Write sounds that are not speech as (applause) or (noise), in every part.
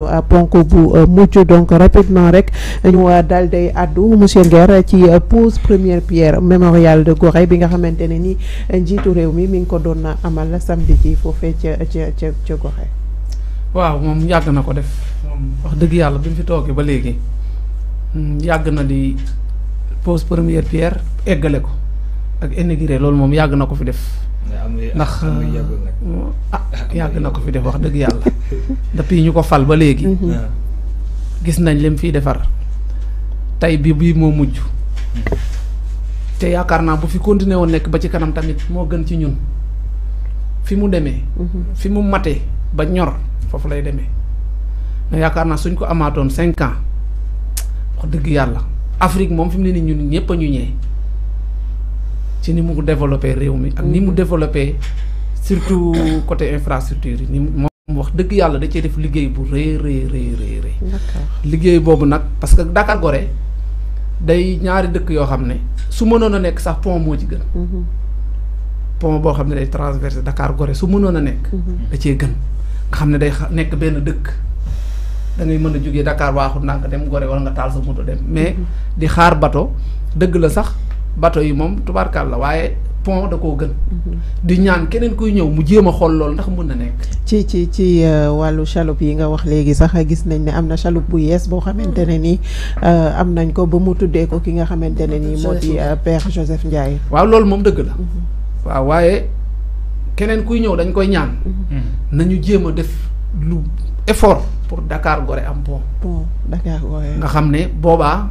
ponk bu euh, mujj donc rapidement rek ñu euh, daal day addu monsieur Nguer ci euh, pose première pierre mémorial de Gorée bi nga xamante ne ni njiitu réew mi mi ngi ko doon amal samedi ji foofee ca ca ca ca Gorée. waaw moom yàgg na ko def wax dëgg yàlla bi fi toogee ba léegi mm, yàgg na di pose première pierre eggale ko ak inauguré loolu moom yàgg na ko fi def. Nah, ah, ndax euh, ah (laughs) yàgg na ko fi def wax dëgg yàlla (laughs) depuis ñu ko fal ba léegi mhm. ah. gis nañ lim fiy defar tey bi bii moo mujj te yaakaar naa bu fi continuer woon nekk ba ci kanam tamit moo gën ci ñun fi mu demee mhm. fi mu matee ba ñor foofu lay demee mais yaakaar naa suñ ko amaatoon cinq ans wax dëgg yàlla Afrique moom fi mu ne nii ñun ñëpp ñu ñee ci ni mu développé réew mi ak ni mu mm-hmm. développé surtout (coughs) côté infrastructure yi ni moom wax dëgg yàlla da cee def liggéey bu rëy rëy rëy rëy liggéey boobu nag parce que Dakar Gorée day ñaari dëkk yoo xam ne su mënoon a nekk sax pont moo ci gën mm-hmm. pont boo xam ne day transversé Dakar Gorée su mënoon a nekk mm-hmm. da cee gën nga xam ne day nekk benn dëkk da ngay mën a jógee Dakar waaxul naa dem gore wala nga taal sa moto dem mais di xaar bato dëgg la sax bateau yi moom tubaarkaal la waaye pont da koo gën. di ñaan keneen kuy ñëw mu jéem a xool loolu ndax mun na nekk. ci ci ci euh, wàllu chaloupe yi nga wax léegi sax gis nañ ne am na chaloupe bu yees boo xamante ne nii euh, am nañ ko ba mu tuddee ko ki nga xamante ne nii. moo di euh, père Joseph Ndiaye. waaw loolu moom dëgg la. Mm-hmm. waaw waaye keneen kuy ñëw dañ koy ñaan. Mm-hmm. nañu jéem a def lu effort pour Dakar Gorée am pont. pont Dakar Gorée. nga xam ne boobaa.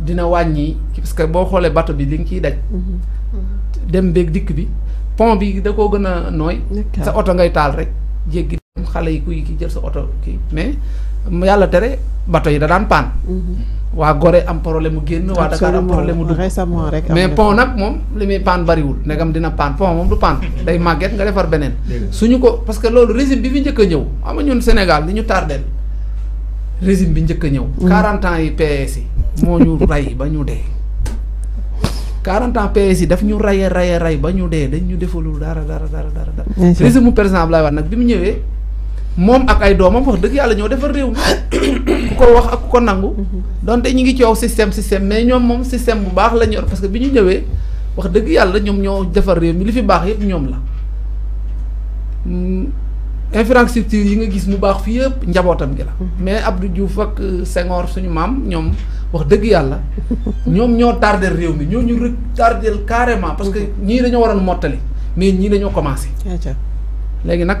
dina wàññi parce que boo xoolee bato bi li nga daj. Mhm. Mhm. dem beeg dikk bi pont bi da koo gën a sa oto ngay taal rek jéggi dem xale yi kuy ki jël sa oto kii mais yàlla tere bateau yi da daan paan. Mhm. waa am problème mu wa Dakar am problème mu récemment rek. mais pont nag moom li dina pan, pont mom du paan (laughs) day màgget nga defar beneen. suñu ko parce que loolu régime bi fi a ñëw ama ñun Sénégal li ñu tardel régime bi njëkk a ñëw. 40 ans yi mo ñu ray ba ñu dé 40 ans PS yi daf ñu ray ray ray ba ñu dé dañ ñu defalul dara dara dara dara c'est régime mu président Abdoulaye wat nak bimu ñëwé mom ak ay domam wax deug yalla ñoo défar réew (coughs) ku ko wax ak ku ko nangu mm-hmm. donte ñi ngi wax système système mais ñom mom système bu baax la ñor parce que biñu ñëwé wax deug yalla ñom ñoo défar réew mi li fi baax yépp ñom la mm, infrastructure yi nga gis mu baax fi yépp njabotam gi la mm-hmm. mais Abdou Diouf ak euh, Senghor suñu mam ñom wax dëgg yàlla ñoom ñoo tardel réew mi ñoo ñu tardel carrément parce que ñii dañoo waral mottali mais ñii dañoo commencé léegi nag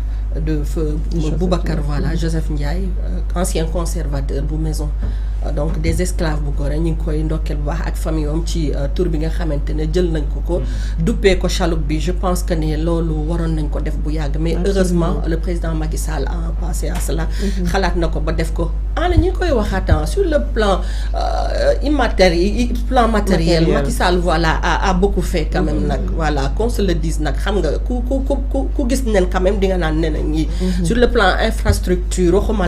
de feu Boubacar Joseph Ndiaye euh, ancien conservateur de maison donc des esclaves bu góor ñu koy ndokkeel bu baax ak famille ci euh, tour bi nga xamantene ne jël nañ ko ko. Mhm. duppee ko chaloup bi je pense que ne lolu waron nañ ko def bu yag mais heureusement le président Macky Sall a pensé à cela. Mhm. xalat nako ba def ko. ala ñu ngi koy waxaat hein, sur le plan euh, immatériel plan matériel. Macky Sall voilà a a beaucoup fait quand même mhm. nak voilà qu'on se le dise nak xam nga ku ku ku ku gis nen quand même di nga nan nen a sur le plan infrastructure waxuma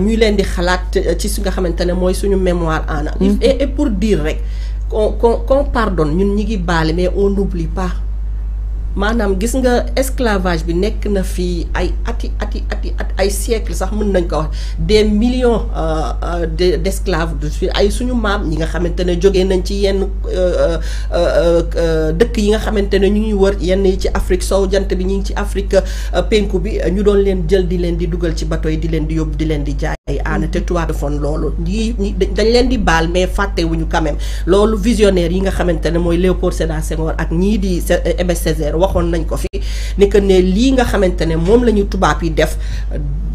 ñuy leen di xalaat euh, ci su nga xamante ne mooy suñu mémoire mm-hmm. en et pour dire rek qu'on qu'on pardonne ñun ñi ngi baale mais on n'oublie pas maanaam gis nga esclavage bi nekk na fii ay ati ati ati at ay siècle sax mën nañ ko wax des millions euh, euh, de d'esclaves ay suñu maam ñi nga xamante ne jógee nañ ci yenn euh, dëkk yi nga xamante ne ñu ngi wër yenn yi ci Afrique sow jant bi ñu ngi ci Afrique penku bi ñu doon leen jël di leen di dugal ci bato yi di leen di yóbbu di leen di jaay. ay aana te tois de fond loolu ñii dañ leen di baal mais fàttewuñu quand même loolu visionnaire yi nga xamante ne mooy Léopold Sédar Senghor ak ñii di Aimé eh, Césaire waxoon nañ ko fi ni que ne lii nga xamante ne moom la ñu tubaab yi def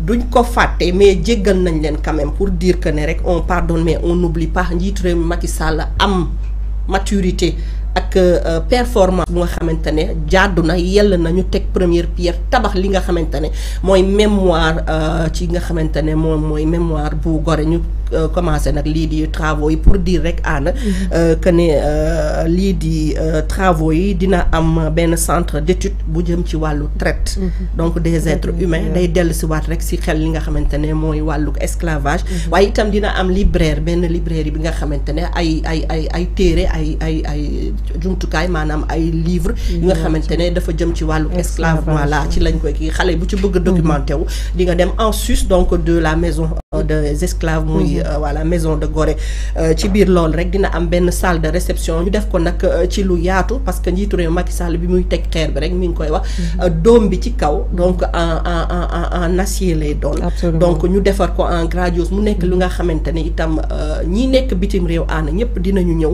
duñ ko fàtte mais jéggal nañ leen quand pour diir que ne rek on pardonne mais on n'oublie pas njiit réew mi Macky Sall am maturité ak euh, performance bu nga xamante jàddu na yell na ñu teg première pierre tabax li nga xamante moy mémoire mémoire euh, ci nga xamante mom moy mémoire bu gore ñu euh, commencé nak li di travaux yi pour dire rek ànd mhm. euh, que ne li di travaux yi dina am ben centre d'étude bu jëm ci walu traite mhm. donc des êtres humains day dellu si waat rek ci xel li nga xamante moy walu esclavage mhm. waaye itam dina am libraire ben librairie bi nga xamante ay ay ay ay téré ay ay ay jumtukaay manam ay livre yi nga xamante dafa jëm ci walu esclavage voilà, là ci lañ koy en sus donc de la maison euh, des esclaves muy mhm. euh, voilà maison de Gorée euh, ci rek dina am salle de réception ñu def ko ci parce que nous Macky Sall bi muy tek xeer bi rek mi koy wax mhm. donc en en en en acier lay donc ñu en mu lu nga itam ñi bitim dinañu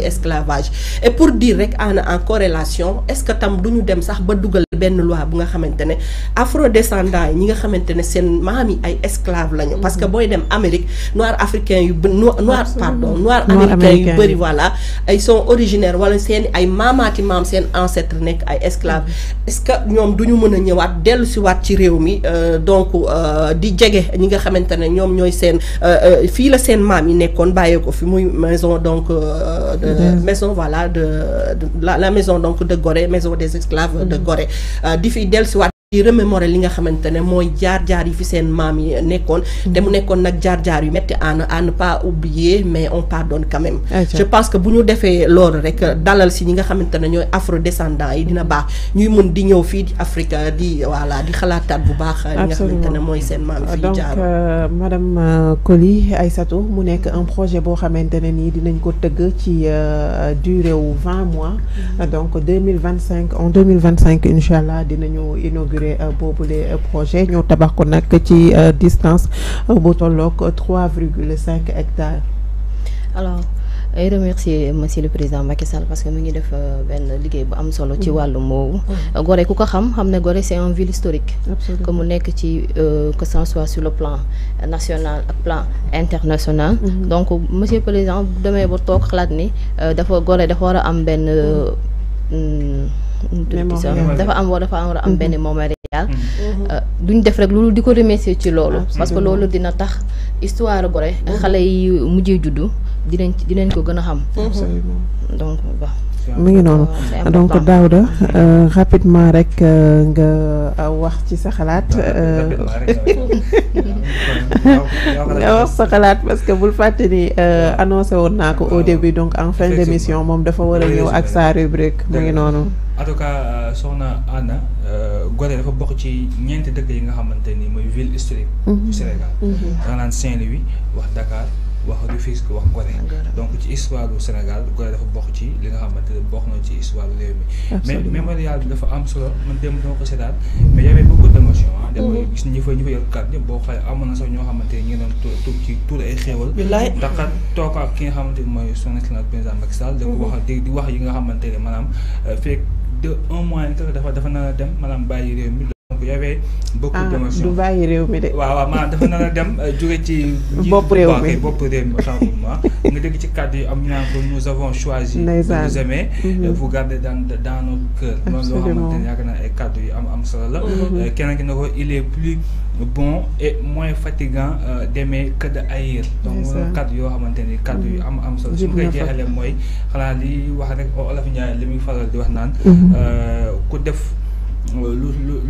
esclavage et pour dire rek ana en corrélation est-ce que tam duñu dem sax ba loi bu nga afrodescendants yi ñi nga xamante ne esclaves lañu. parce que mm-hmm. booy dem Amérique noir africain yu noir pardon noir américain yu bëri voilà ay sont originaires wala seen ay maamaati maam seen ancêtre nekk ay esclaves mm-hmm. est-ce que ñoom du ñëwaat dellu si waat ci euh, donc euh, di jege ñi nga xamante ne ñoom ñooy seen euh, la seen maam yi nekkoon ko fi maison donc maison voilà de la maison donc de Gorée maison des esclaves de mm-hmm. gore di fi di remémorer li nga xamante moy jaar-jaar yi fi sen maam yi nekkoon te mu nekkoon nag jaar-jaar yu metti à à ne pas oublier mais on pardonne quand même ah, je pense que buñu ñu lool rek dalal si ñi nga xamante ñoy afro descendants yi dina baax ñuy mën di ñëw di afrika di voilà di xalaataat bu baax li nga xamante moy sen seen fi jaar donc euh, madame euh, Coly Aïssatou mu nekk un projet bo xamante ni dinañ ko teug ci euh, durée wu 20 mois mm-hmm. donc 2025 en 2025 mille dinañu inaugurer pour euh, les euh, projet ñu tabax ko nak ci euh, distance bu tolok loc 3,5 hectares. alors et remercier monsieur le président Macky Sall parce que mu ngi def benn liggéey bu am solo ci mm. walu moowu mm. Gorée kuko xam xamné ne c'est une ville historique comme nek ci que ça soit sur le plan national ak plan international mm-hmm. donc monsieur le président demee ba tok l'année ni dafa Gorée dafa wara am mm. dafa am war dafa am war a am benn mémorial mhm. mhm. euh, duñ def rek loolu di ko remercier ci loolu parce que loolu dina tax histoire Gorée mhm. xale yi mujjee juddu dinañ dinañ ko gën a xam mu ngi noonu donc Daouda euh, rapidement rek euh, nga wax ci sa xalaat (laughs) nga wax sa xalaat parce que bul fàtte ni annoncé woon naa ko au début donc en fin mission moom dafa war a ñëw ak sa rubrique mu ngi noonu en tout cas euh, soxna Anna euh, Gorée dafa bokk ci ñeenti dëkk yi nga xamante ni mooy ville historique bu mhm. Sénégal mhm. mhm. da nga Saint-Louis wax Dakar wax Rufisque wax Gorée donc ci histoire du Sénégal Gorée dafa bokk ci li nga xamante ne bokk na ci histoire du réew mi mais bi dafa am solo man démb xamante ne ñu ngi doon tuub ci tuur ay xéewal toog ak ki nga xamante ne mooy son excellence président Macky Sall da ko wax di wax yi nga xamante ne maanaam euh, fekk de un mois que dafa dafa nar a dem il y avait beaucoup d'émotions. du bàyyi réew mi de. waaw waaw maa dafa nar a dem euh, jóge ci. (laughs) bopp réew mi bopp réew mi autant pour moi nga dégg ci kàddu yi am ñu ko nous avons choisi. ndeysaan mm-hmm. euh, vous aimer. vous garder dans dans nos cœurs. absolument loolu loo xamante ne yaakaar naa ay kàddu yu am am solo la. Mm-hmm. Euh, keneen ki ne ko il est plus bon et moins fatigant d'aimer que de haïr. donc kàddu yoo xamante ni kàddu yu mm-hmm. am am solo. su ma koy jeexalee mooy xanaa li wax rek Olof Ndiaye li muy faral di wax naan. ku def lu lu.